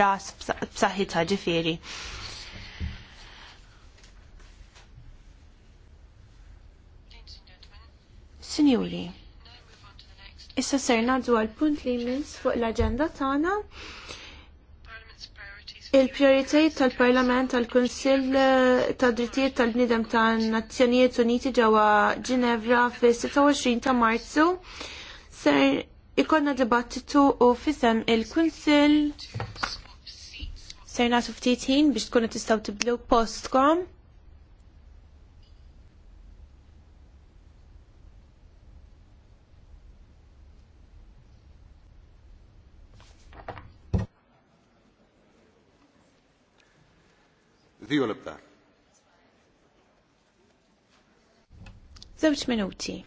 ras b'saħħitha ġifieri. Sinjuri, issa ser naddu għal punt li jmiss fuq l-aġenda tagħna il-prioritajiet tal-Parlament tal-Kunsill eh, tad drittijiet tal-Bnidem tan-Nazzjonijiet Uniti ġewwa Ġinevra fis-26 ta' Marzu ser ikonna dibattitu u fisem il-Kunsill ser nagħtu ftit ħin biex tkunu tistgħu tibdlu postkom. Diju libda. Zewċ minuti.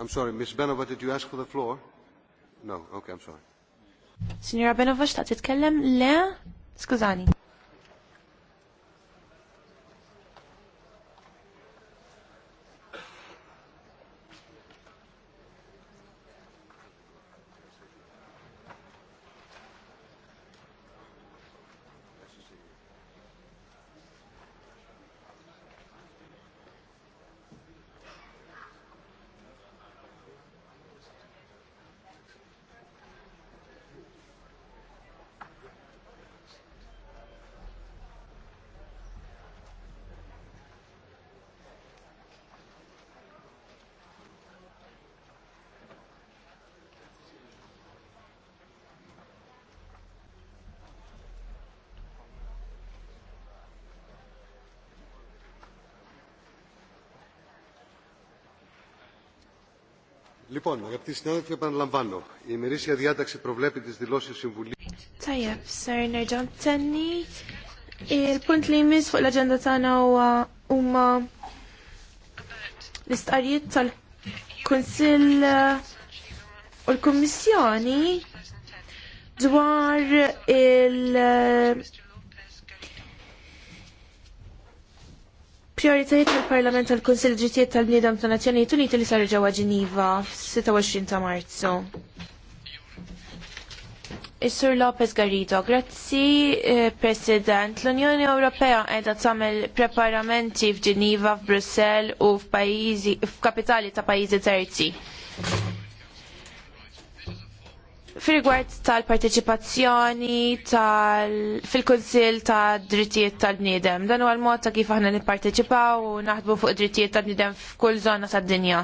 I'm sorry, Ms. Benova, did you ask for the floor? No, okay, I'm sorry. Signora Benova, xtaqt titkellem? Le? Skużani. Λοιπόν, αγαπητοί συνάδελφοι, επαναλαμβάνω. Η ημερήσια διάταξη προβλέπει Il-punt li jmiss fuq l-agenda tagħna huwa huma l-istqarrijiet tal-Kunsill u l-Kummissjoni dwar il- Prioritajiet tal-Parlament tal-Kunsil ġitiet tal-Bniedem ta' Nazzjonijiet Uniti li sar ġewwa Ġiniva 26 ta' Marzu. Is-Sur Lopez Garrido, grazzi eh, President. L-Unjoni Ewropea qiegħda tagħmel preparamenti f'Ġiniva, f'Brussell u f'pajjiżi f'kapitali ta' pajjiżi terzi Firigward tal-parteċipazzjoni tal parteċipazzjoni tal fil kunsil ta' drittijiet tal-bniedem, dan huwa l-mod ta' kif aħna nipparteċipaw u naħdmu fuq drittijiet tal-bniedem f'kull żona tad-dinja.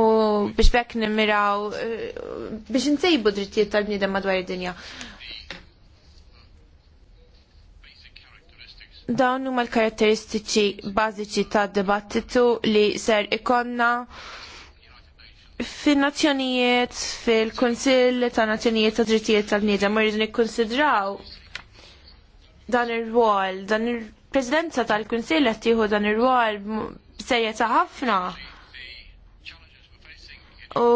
U biex bekk nimmiraw eh, biex insejbu drittijiet tal-bniedem madwar id-dinja. Dawn huma l-karatteristiċi bażiċi tad-dibattitu li ser ikonna fin-nazzjonijiet, fil-Konsill ta' Nazzjonijiet ta' Drittijiet tal-Bniedem rridu nikkonsidraw dan ir-rwol, dan il-Presidenza tal-Kunsill qed tieħu dan ir-rwol b'serjetà ħafna. U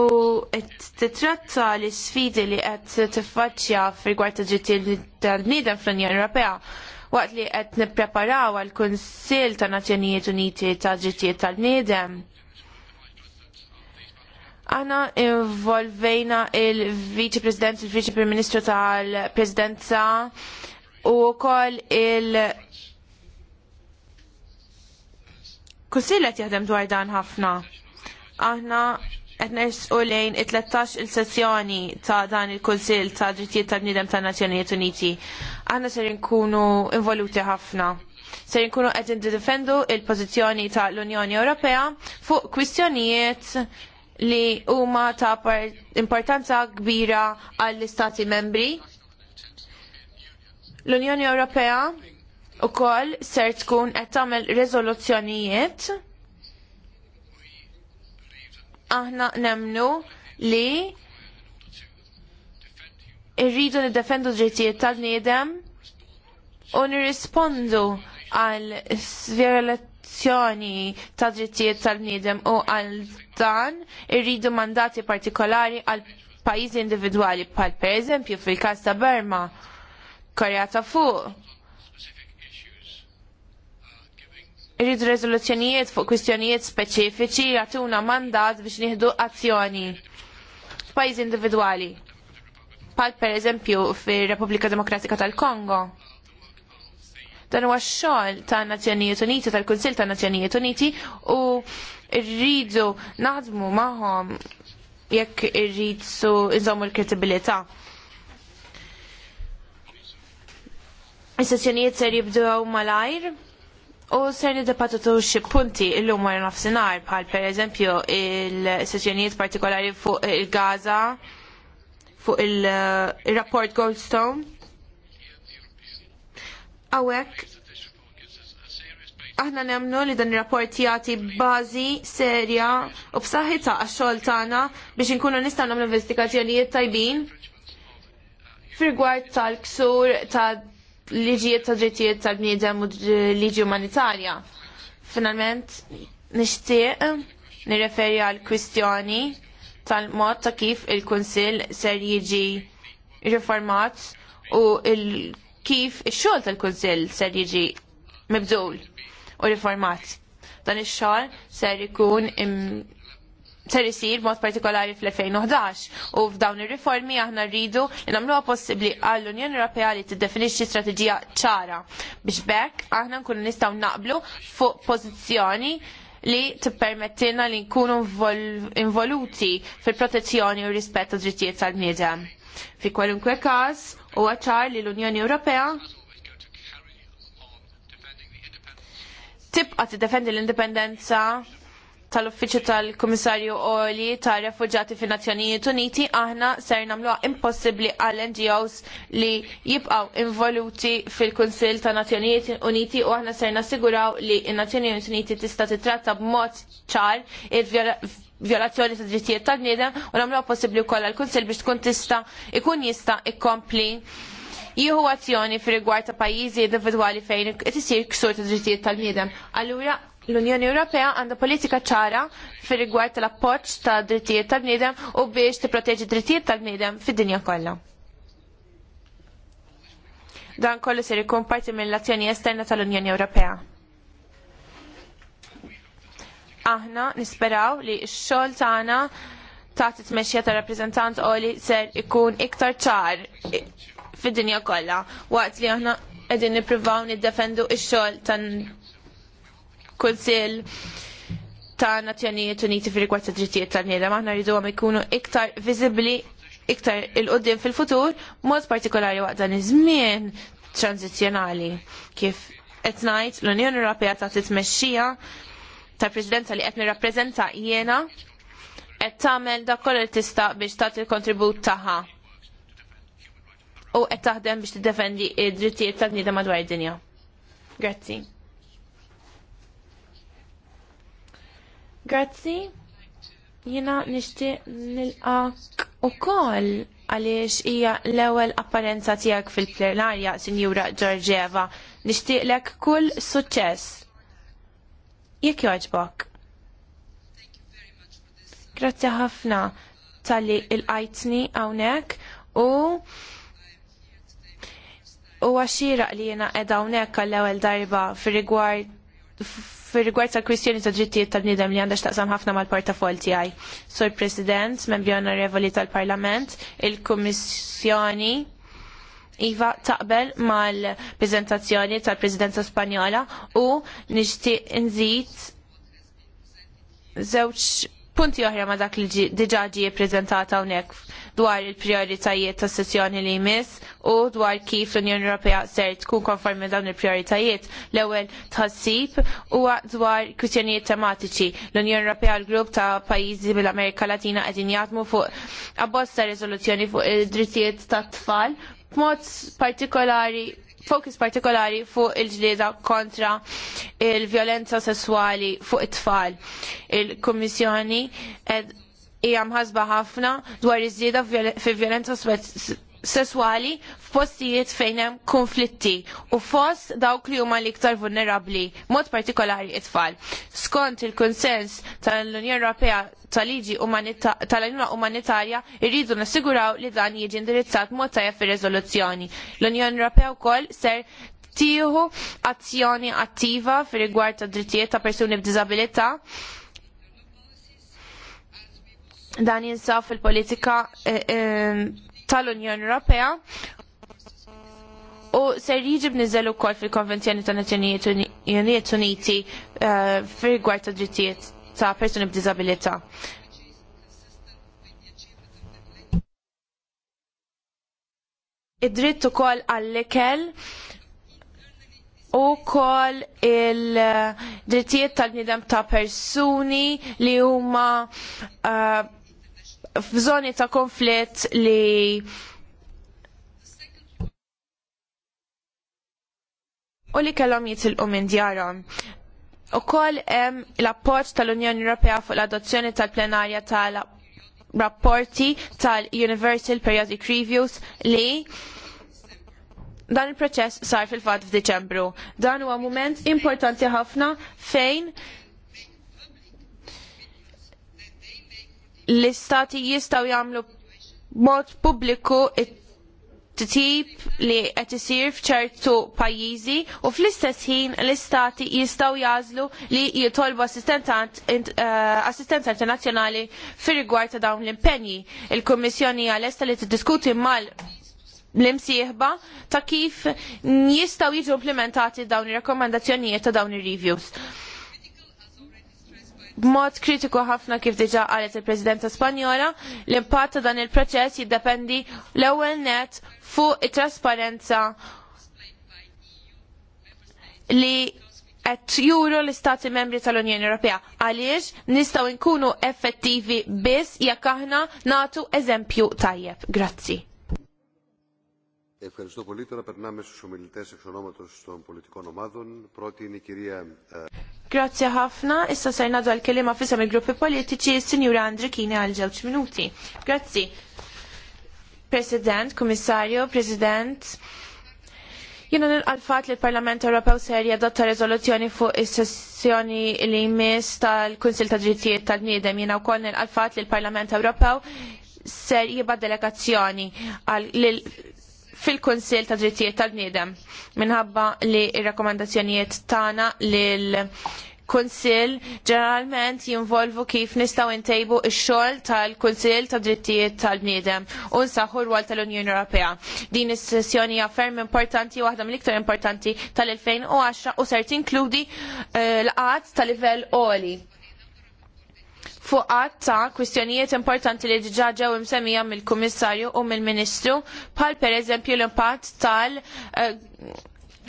qed titratta l-isfidi li qed tiffaċċja f'rigward ta' drittijiet tal-bniedem fl-Unjoni Ewropea waqt li qed nippreparaw għall kunsill ta' Nazzjonijiet Uniti ta' drittijiet tal-bniedem. Aħna involvejna il-Viċi President, il-Viċi Prim Ministru tal-Presidenza u wkoll il- Kusillet jaħdem dwar dan ħafna. Aħna qed nersqu lejn it-13 il-sessjoni ta' dan il-Kunsill ta' Drittijiet tal-Bniedem tan Nazzjonijiet Uniti. Aħna ser nkunu involuti ħafna ser nkunu qed nidifendu il-pożizzjoni tal-Unjoni Ewropea fuq kwistjonijiet li huma ta' importanza kbira għall-Istati membri. L-Unjoni Ewropea wkoll ser tkun qed tagħmel riżoluzzjonijiet. Aħna nemnu li irridu niddefendu drittijiet tal-niedem u nirrispondu għal protezzjoni ta' drittijiet tal-bniedem u għal dan irridu mandati partikolari għal pajjiżi individwali bħal pereżempju fil-każ ta' Burma, Korea ta' fuq. Irridu rezoluzzjonijiet fuq kwistjonijiet speċifiċi jagħtuna mandat biex nieħdu azzjoni f'pajjiżi individwali. Bħal pereżempju fir-Repubblika Demokratika tal-Kongo. Dan huwa xogħol ta' Nazzjonijiet Uniti, tal-Kunsill ta' Nazzjonijiet Uniti u rridu naħdmu magħhom jekk irridu inżommu l-kredibilità. Is-sessjonijiet ser jibdew malajr u ser nidepatutu xi punti llum wara nafsinhar bħal pereżempju il-sessjonijiet partikolari fuq il-Gaza fuq il-rapport Goldstone Għawek, aħna nemnu li dan il-rapport jati bażi serja u b'saħħitha għax-xogħol tagħna biex inkunu nistgħu nagħmlu investigazzjonijiet tajbin Firgward rigward tal-ksur ta' liġijiet ta' drittijiet tal-bniedem u liġi umanitarja. Finalment nixtieq nirreferi għal kwistjoni tal-mod ta' kif il-Kunsill ser jiġi riformat u il- kif ix-xogħol tal-Kunsill ser jiġi mibżul u riformat. Dan ix-xogħol ser im ser isir mod partikolari fl-2011 u f'dawn ir-riformi aħna rridu li nagħmluha possibbli għall-Unjoni Ewropea li tiddefinixxi strateġija ċara biex bekk aħna nkunu nistgħu naqblu fuq pożizzjoni li tippermettilna li nkunu involuti fil-protezzjoni u rispett tad drittijiet tal-bniedem. Fi kwalunkwe każ, U għacċar li l-Unjoni Ewropea tibqa tiddefendi l-indipendenza tal-Uffiċċju tal-Kummissarju Oli tar refuġjati fin nazzjonijiet Uniti aħna ser nagħmluha impossibbli għall NGOs li jibqgħu involuti fil-Kunsill ta' Nazzjonijiet Uniti u aħna ser nassiguraw li n-Nazzjonijiet Uniti tista' titratta b'mod ċar il violazzjoni ta' drittijiet ta' bniedem u nagħmluha possibbli wkoll għall-Kunsill biex tkun tista' ikun jista' ikkompli jieħu azzjoni fi rigward ta' pajjiżi individwali fejn isir ksur ta' drittijiet tal-bniedem. Allura l-Unjoni Ewropea għandha politika ċara fi rigward tal-appoġġ ta' drittijiet tal-bniedem u biex tipproteġi drittijiet tal-bniedem fid-dinja kollha. Dan kollu ser ikun parti mill-azzjoni esterna tal-Unjoni Ewropea aħna nisperaw li x-xogħol tagħna ta' titmexxija ta' rappreżentant oli ser ikun iktar ċar fid-dinja kollha waqt li aħna qegħdin nippruvaw niddefendu x-xogħol tan kunsill ta' Nazzjonijiet Uniti fir-rigward ta' drittijiet tal-bniedem aħna rridu għam ikunu iktar viżibbli iktar il qudiem fil-futur, mod partikolari waqt dan iż-żmien tranzizzjonali. kif qed ngħid l-Unjoni Ewropea ta' titmexxija tal-Presidenza li qed nirrappreżenta jiena qed tagħmel dak kollu li tista' biex tagħti l-kontribut tagħha. U qed taħdem biex tiddefendi d-drittijiet tal-bniedem madwar id-dinja. Grazzi. Grazzi. Jiena nixtieq nilqak ukoll għaliex hija l-ewwel apparenza tiegħek fil-plenarja, Sinjura Georgieva Nixtieqlek kull suċċess jekk joġbok. Grazzi ħafna tal-li il-qajtni għawnek u u għaxira li jena edha għawnek għall-ewel darba fil-rigward tal kwistjoni ta' drittijiet tal nidem li għandha xtaqsam ħafna mal-portafol tiegħi. Sur President, membri onorevoli tal-Parlament, il-Kummissjoni Iva taqbel mal-prezentazzjoni tal-Presidenza Spanjola u nixtieq nżid żewġ punti oħra ma dak li diġà ġie ppreżentata hawnhekk dwar il-prioritajiet tas sessjoni li jmiss u dwar kif l-Unjoni Ewropea ser tkun konformi dawn il-prioritajiet. L-ewwel tħassib u dwar kwistjonijiet tematiċi. L-Unjoni Ewropea l grupp ta' pajjiżi mill-Amerika Latina qegħdin jaħdmu fuq abbozza ta' riżoluzzjoni fuq id-drittijiet tat-tfal b'mod partikolari fokus partikolari fuq il-ġlieda kontra il-violenza sessuali fuq it-tfal. Il-Kommissjoni hija mħasba ħafna dwar iż-żieda fi violenza sesswali f'postijiet fejn hemm konflitti u fost dawk li huma l-iktar vulnerabbli, mod partikolari it-tfal. Skont il-konsens tal-Unjoni Ewropea tal-liġi tal-għajnuna umanitarja irridu nassiguraw li dan jiġi indirizzat mod tajjeb fir-riżoluzzjoni. L-Unjoni Ewropea wkoll ser tieħu azzjoni attiva fir-rigward ta' drittijiet ta' persuni b'diżabilità dan jinsaf fil-politika eh, eh, tal-Unjoni Ewropea u ser jiġi u ukoll fil-Konvenzjoni ta' Nazzjonijiet Uniti eh, fir-rigward ta' drittijiet ta' persuni b'diżabilità. Id-dritt ukoll għall-ikel u kol il-drittijiet tal-bnidem ta' persuni li huma uh, f'żoni ta' konflitt li u li kellhom jitilqu minn djarhom. Ukoll hemm l-appoġġ tal-Unjoni Ewropea fuq l-adozzjoni tal-plenarja tal-rapporti tal-Universal Periodic Reviews li dan il-proċess sar fil-fatt f'Diċembru. Dan huwa mument importanti ħafna fejn l-istati jistgħu jagħmlu mod pubbliku tip li qed isir f'ċertu pajjiżi u fl-istess ħin l-istati jistgħu jażlu li jitolbu eh, assistenza internazzjonali fir-rigward ta' dawn l-impenji. Il-Kummissjoni lesta li tiddiskuti mal l-imsieħba ta' kif jistgħu jiġu implementati dawn ir-rakkomandazzjonijiet ta' dawn ir-reviews b'mod kritiku ħafna kif diġa qalet il-Presidenta Spanjola, l-impatt ta' dan il-proċess jiddependi l-ewwel net fuq it-trasparenza li qed juru l-Istati Membri tal-Unjoni Ewropea. Għaliex nistgħu nkunu effettivi biss jekk aħna nagħtu eżempju tajjeb. Grazzi. Ευχαριστώ πολύ. Τώρα περνάμε στους ομιλητές εξονόματος των πολιτικών ομάδων. Πρώτη είναι η κυρία... Grazzi ħafna, issa ser nadu għal-kelima fissam il-gruppi politiċi, Sinjura kini għal ġewġ minuti. Grazzi. President, Komissarju, President, Jena nil-qalfat li l-Parlament Ewropew ser jadotta rezoluzzjoni fuq is-sessjoni li jmiss tal-Kunsil ta' Drittijiet tal nidem Jena wkoll nil-qalfat li l-Parlament Ewropew ser jibba delegazzjoni fil kunsil ta' Drittijiet tal-Bniedem minħabba li r-rakkomandazzjonijiet tagħna lil Kunsill ġeneralment jinvolvu kif nistgħu ntejbu x-xogħol tal-Kunsill ta' Drittijiet tal-Bniedem u nsaħħu rwol tal-Unjoni Ewropea. Din is-sessjoni hija ferm importanti waħda mill-iktar importanti tal-2010 u ser tinkludi l eh, laqgħat ta' livell għoli fuq qatt ta' kwistjonijiet importanti li diġà ġew imsemmija mill-Kummissarju u mill-Ministru bħal pereżempju l-impatt tal- eh,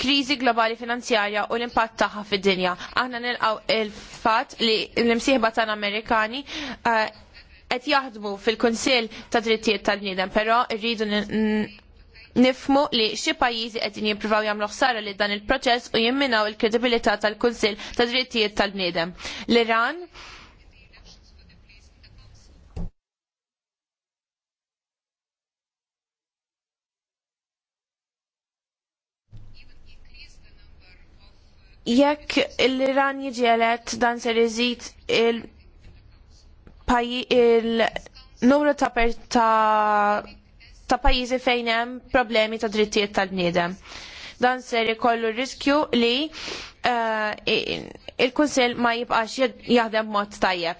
kriżi globali finanzjarja u l-impatt tagħha fid-dinja. Aħna nilqgħu il-fatt li l-imsieħba tan Amerikani eh, qed jaħdmu fil-Kunsill ta' Drittijiet tal-Bniedem, però rridu nifmu li xi pajjiżi qed jippruvaw jagħmlu ħsara li dan il-proċess u jimminaw il-kredibilità tal-Kunsill ta' Drittijiet tal-Bniedem. L-Iran jekk l-Iran jiġi elett dan se iżid il il-numru ta' ta' pajjiżi fejn hemm problemi ta' drittijiet tal-bniedem. Dan se ikollu riskju li eh, il-Kunsill ma jibqax jaħdem mod tajjeb.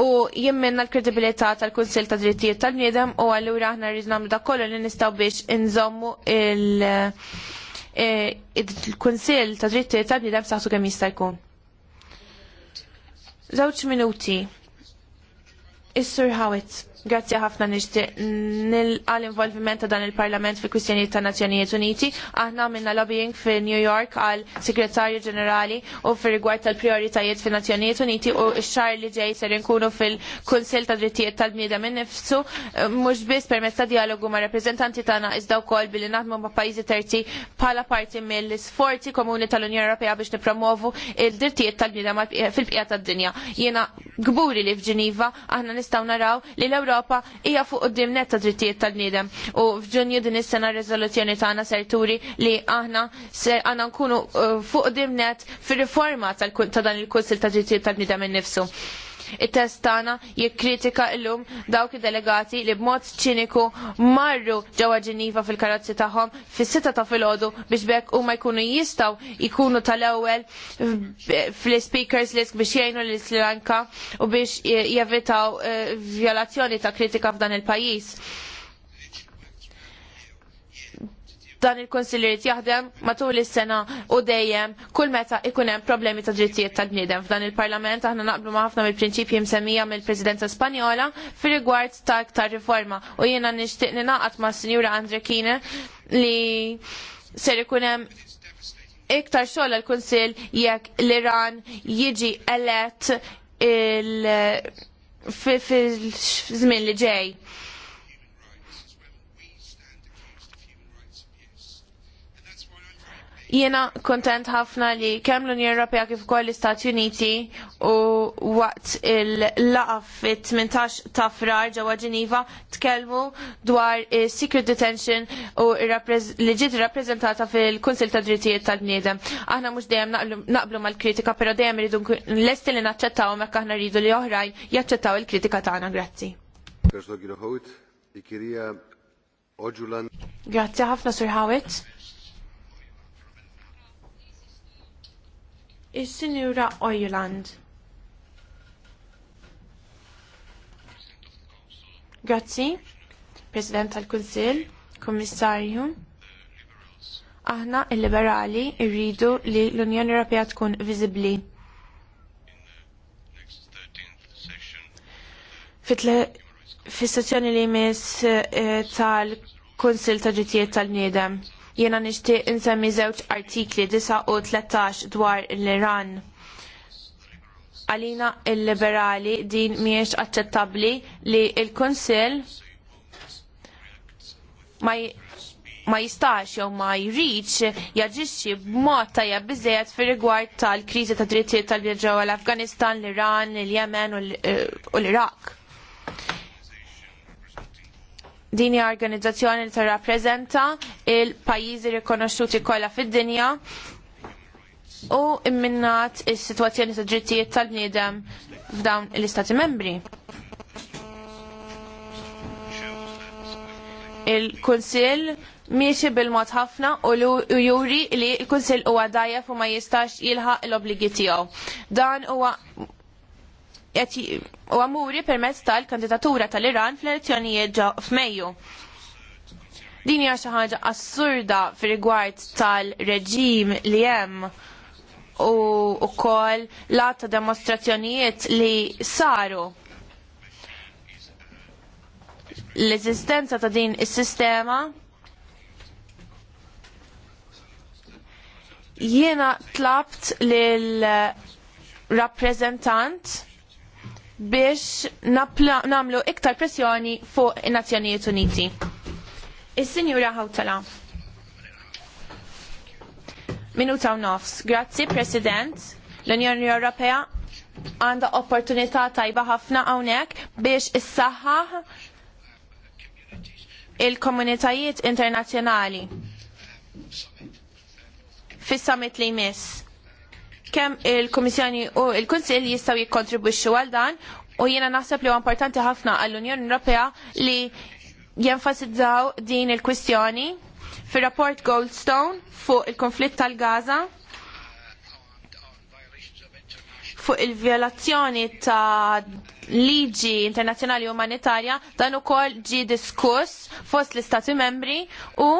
U jimmenna l-kredibilità tal-Kunsill ta' drittijiet tal-bniedem u allura aħna rridu nagħmlu dak kollu li nistgħu biex inżommu il- Eh, il-Kunsill ta' dritti ta' bniedem saħsu kemm jista' jkun. Zawċ minuti. Is-Sur Hawitz. Grazzi ħafna nixtieq nil-involviment ta' dan il-Parlament fil kwistjonijiet ta' Nazzjonijiet Uniti. Aħna minna lobbying fi New York għal Segretarju Ġenerali u fir rigward tal-prioritajiet fi Nazzjonijiet Uniti u xar li ġej ser inkunu fil-Kunsil ta' Drittijiet tal bnida minn nifsu eh, mhux biss permezz ta' dialogu ma' rappreżentanti tagħna iżda wkoll billi naħdmu ma' pajjiżi terzi bħala parti mill-sforzi komuni tal-Unjoni Ewropea biex nipromovu il-drittijiet tal bnida fil-bqija tad-dinja. Jiena gburi li f'Ġeniva aħna nistgħu naraw li l-Ewropa hija fuq qudiem net ta' drittijiet tal-bniedem u f'Ġunju din is-sena r-riżoluzzjoni tagħna ser turi li aħna se għandna nkunu eh, fuq qudiem net fir-riforma ta' dan il-Kunsil ta' Drittijiet tal-Bniedem innifsu it-test tagħna jikkritika llum dawk id-delegati li b'mod ċiniku marru ġewwa Ġeniva fil-karozzi tagħhom fis-sita ta' filgħodu biex bekk huma jkunu jistgħu jkunu tal-ewwel fl-speakers list biex jgħinu l Sri Lanka u biex jevitaw eh, vjolazzjoni ta' kritika f'dan il-pajjiż dan il-konsiljiet jaħdem matul is-sena u dejjem kull meta ikun hemm problemi ta' drittijiet tal-bniedem. F'dan il-Parlament aħna naqblu ma' ħafna mill-prinċipji msemmija mill-Presidenza Spanjola fir-rigward ta' iktar riforma u jiena nixtieq ninaqat ma' Sinjura Andrekine li ser ikun hemm iktar xogħol għall-Kunsill jekk l-Iran jiġi elett il fil-żmien li ġej Jiena kontent ħafna li kemm l-Unjoni Ewropea kif ukoll l-Istati Uniti u waqt il-laqaf fit-18 ta' frar ġewwa Ġeniva tkellmu dwar secret detention u li ġiet rappreżentata fil-Kunsil ta' Drittijiet tal-Bniedem. Aħna mhux dejjem naqblu mal-kritika, però dejjem iridu lesti li naċċettaw hekk aħna rridu li oħrajn jaċċettaw il-kritika tagħna. Grazzi. Grazzi ħafna Sur Hawit. Is-Sinjura Ojuland. Grazzi, President tal-Kunsill, Kommissarju. Aħna il-liberali irridu li l-Unjoni Ewropea tkun viżibbli. Fis-sezzjoni li jmiss eh, tal kunsil ta' Ġitijiet tal-Niedem Jiena nixtieq insemmi żewġ artikli 9 u 13 dwar l-Iran. Għalina il-liberali din mhijiex aċċettabbli li l-Kunsill ma ma jistax jew ma jridx jaġixxi b'mod tajjeb biżejjed fir-rigward tal-kriżi ta' drittijiet tal-bjeġġew l-Afganistan, l-Iran, il-Yemen eh, u l-Iraq din hija organizzazzjoni li tirrappreżenta il-pajjiżi rikonoxxuti kollha fid-dinja u imminnat is-sitwazzjoni ta' drittijiet tal-bniedem f'dawn l-Istati Membri. Il-Kunsill miexi bil-mod ħafna u juri li l-Kunsill huwa dajjef u ma jistax jilħaq l-obligi tiegħu. Dan huwa u għamuri permezz tal-kandidatura tal-Iran fl-elezzjonijiet ġo f'Mejju. Din hija xi ħaġa assurda fir-rigward tal-reġim li hemm u wkoll lat ta' demostrazzjonijiet li saru l-eżistenza ta' din is-sistema jiena tlabt lil rappreżentant biex namlu iktar pressjoni fuq in-Nazzjonijiet Uniti. Is-Sinjura Hawtala. Minuta u nofs. Grazzi, President. L-Unjoni Ewropea għandha opportunità tajba ħafna hawnhekk biex issaħħaħ il-komunitajiet internazzjonali fis-summit li jmiss kemm il-Kummissjoni u il-Kunsill jistgħu jikkontribwixxu għal dan u jiena naħseb li huwa importanti ħafna għall-Unjoni Ewropea li jenfasizzaw din il-kwistjoni fir-rapport Goldstone fuq il-konflitt tal-Gaza fuq il-violazzjoni ta' liġi internazzjonali umanitarja dan ukoll ġie diskuss fost l-Istati membri u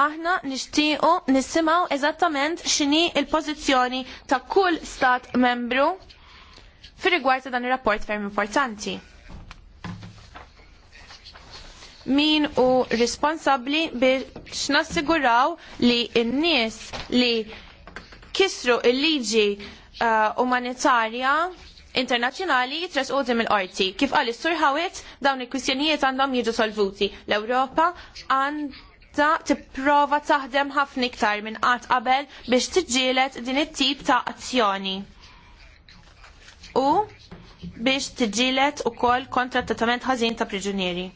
aħna nixtiequ nisimgħu eżattament x'inhi l-pożizzjoni ta' kull stat membru fir-rigward ta' dan ir-rapport ferm importanti. Min hu responsabbli biex nassiguraw li n-nies li kisru il-liġi uh, umanitarja internazzjonali jitresqu dim il-qorti. Kif qal is-Sur dawn il-kwistjonijiet għandhom jiġu solvuti. L-Ewropa għand etta tipprova taħdem ħafna iktar minn qatt qabel biex tiġġieled din it-tip ta' azzjoni. U biex tiġġieled ukoll kontra trattament ħażin ta' priġunieri.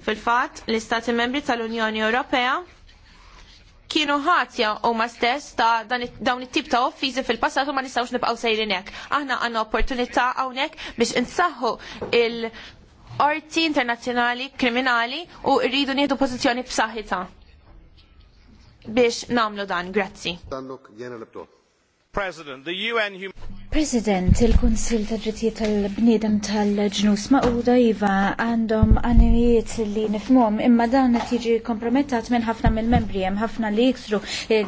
Fil-fatt, l-Istati Membri tal-Unjoni Ewropea kienu ħatja u ma stess ta' dawn it-tip ta' offizi fil-passat u ma nistawx nibqaw sejrin hekk. Aħna għandna opportunità hawnhekk biex insaħħu il- orti internazzjonali kriminali u rridu nieħdu pożizzjoni b'saħħitha biex nagħmlu dan. Grazzi. President, the UN human... President, il-Kunsil ta' ġitiet tal-bniedem tal-ġnus ma'uda iva għandhom għanijiet li nifmum imma dan tiġi kompromettat minn ħafna mill-membri hemm ħafna li jiksru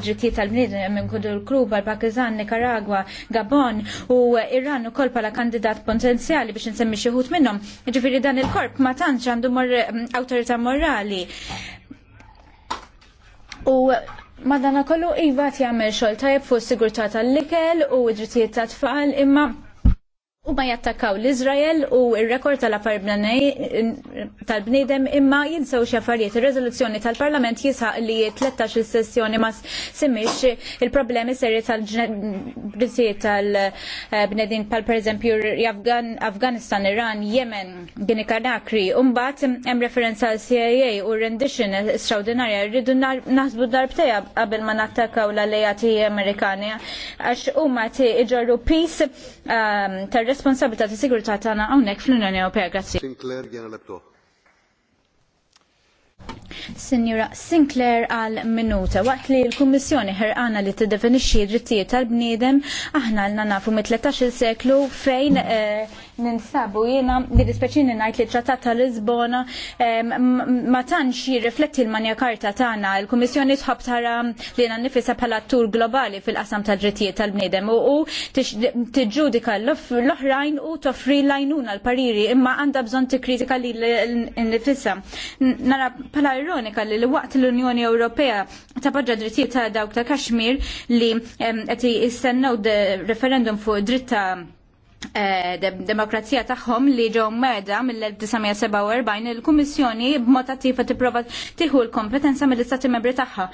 ġitiet tal-bniedem minn kudur Kuba, pakistan Nicaragua, Gabon u Iran u kolpa la kandidat potenzjali biex nsemmi xieħut minnhom. Ġifiri dan il-korp ma tantx għandu mor mm, awtorità morali. U Madana kollu iva jagħmel xogħol tajb fuq sigurtà tal-ikel u id tat-tfal imma u ma jattakaw l-Izrael u il-rekord tal-bnidem imma jinsaw xaffariet. Il-rezoluzzjoni tal-parlament jisħaq li 13 sessjoni ma simmix il-problemi serri tal-ġnedrisiet tal-bnedin pal per eżempju Afganistan, Iran, Yemen, Gini Karnakri. umbat hemm referenza għal CIA u rendition straordinarja rridu naħsbu darbteja qabel ma nattakaw l alejati Amerikani għax huma ti iġorru peace ehm, responsabilità ta' sigurtà tagħna hawnhekk fl-Unjoni Ewropea. Grazzi. Sinclair jiena lebto. Signora Sinclair għal minuta waqt li l-Kummissjoni ħerqana li t-definixi drittijiet tal-bniedem aħna l nafu mit-13 seklu fejn eh, ninsabu jiena li dispeċini ngħid li trattat ta' Lisbona ma tantx jirrifletti l-manja karta tagħna. Il-Kummissjoni tħobb tara li jiena nifisa bħala tur globali fil-qasam ta' drittijiet tal-bniedem u tiġġudika l-oħrajn u toffri lajnuna l-pariri imma għandha bżonn tikkritika li nifisa. Nara bħala ironika li waqt l-Unjoni Ewropea tabaġġa drittijiet ta' dawk ta' Kashmir li qed jistennew referendum fuq dritta Eh, demokrazija tagħhom li ġew merda mill-1947 il-Kummissjoni b'mod attiva tipprova tieħu l-kompetenza mill-istati membri tagħha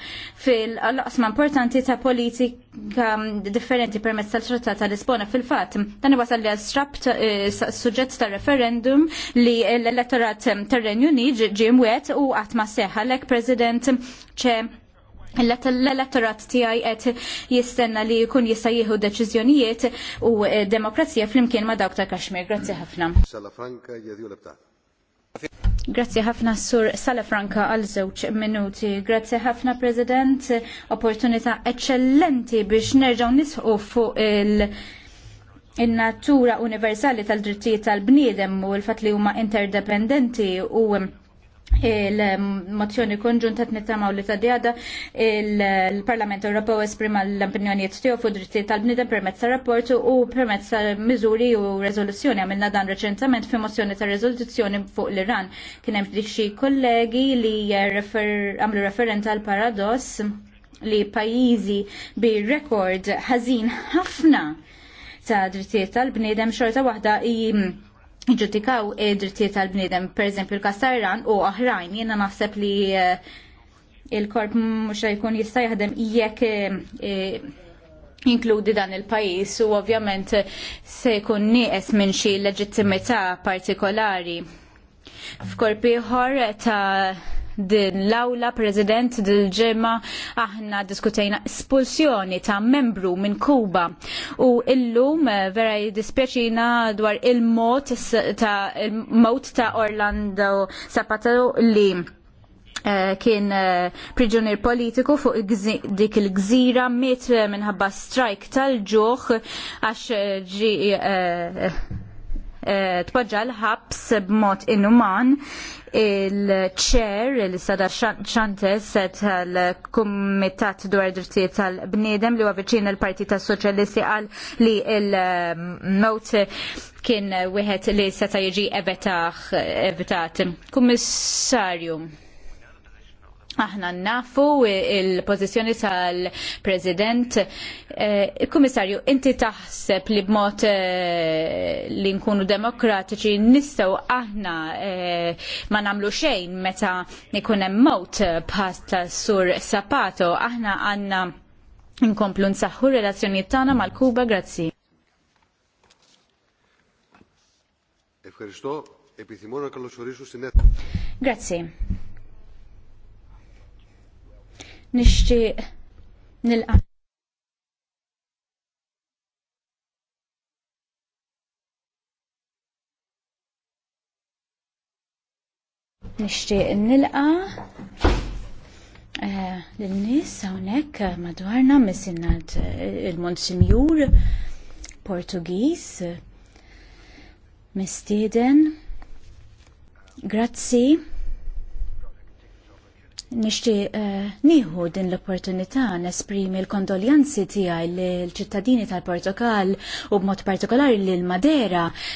fil-qasma importanti ta' politika mm, differenti permezz tal-Trattat ta' Lisbona fil-fatt. Dan wasal li strabt eh, suġġett ta' referendum li l-elettorat tar-Renju Unit ġie mwet u qatt ma seħħa lek President ċe l-elettorat tiegħi qed jistenna li jkun jista' jieħu deċiżjonijiet u eh, demokrazija flimkien ma' dawk ta' Kashmir. Grazzi ħafna. Grazzi ħafna sur Salafranca għal żewġ minuti. Grazzi ħafna President, opportunità eccellenti biex nerġgħu nisħu fuq il- in-natura universali tal-drittijiet tal-bniedem u l-fat li huma interdependenti u il-mozzjoni konġunta t-nittamaw li ta' djada il-Parlament Ewropew esprima l-opinjoniet tiegħu fuq drittijiet tal-bniedem permezz ta' rapport u permezz ta' miżuri u rezoluzzjoni għamilna dan reċentament fi mozzjoni ta' rezoluzzjoni fuq l-Iran. Kien hemm xi kollegi li għamlu referenta l paradoss li pajjiżi bi rekord ħażin ħafna ta' drittijiet tal-bniedem xorta waħda ġudikaw id-drittijiet tal-bniedem, per eżempju il kastarran u oħrajn, jiena naħseb li eh, il-korp mhux jkun jista' jaħdem jekk eh, inkludi dan il-pajis u ovvjament se jkun nieqes minn xi leġittimità partikolari. F'korp ieħor ta' din l-awla president dil-ġemma aħna diskutejna espulsjoni ta' membru minn Kuba u illum eh, vera jidispjaċina dwar il-mot ta' il-mot ta' Orlando Zapatero li eh, kien eh, prigjonier politiku fuq dik il-gżira miet minħabba strajk tal-ġuħ għax ġi Eh, tpoġġa l-ħabs b'mod inuman il-ċer li sada set tal-Kumitat dwar drittijiet tal-bniedem li huwa viċin il partita soċjalisti qal li il mot kien wieħed li seta' jiġi evitat. Kummissarju, Aħna nafu il-pozizjoni tal-President. Eh, Il-Kummissarju, inti taħseb li b'mod eh, li nkunu demokratiċi nistaw aħna eh, ma namlu xejn meta ikun hemm pasta sur Sapato, aħna għandna nkomplu nsaħħu relazzjonijiet tagħna mal-Kuba, grazzi. Grazie. nixtieq nilqa' nixtieq nilqa eh, lil-nies hawnhekk madwarna mis eh, il-Monsinjur Portugiż mistieden. Grazzi. Nishti niħu eh, nieħu din l-opportunità nesprimi l-kondoljanzi tiegħi lill ċittadini tal-Portugal u b'mod partikolari l Madera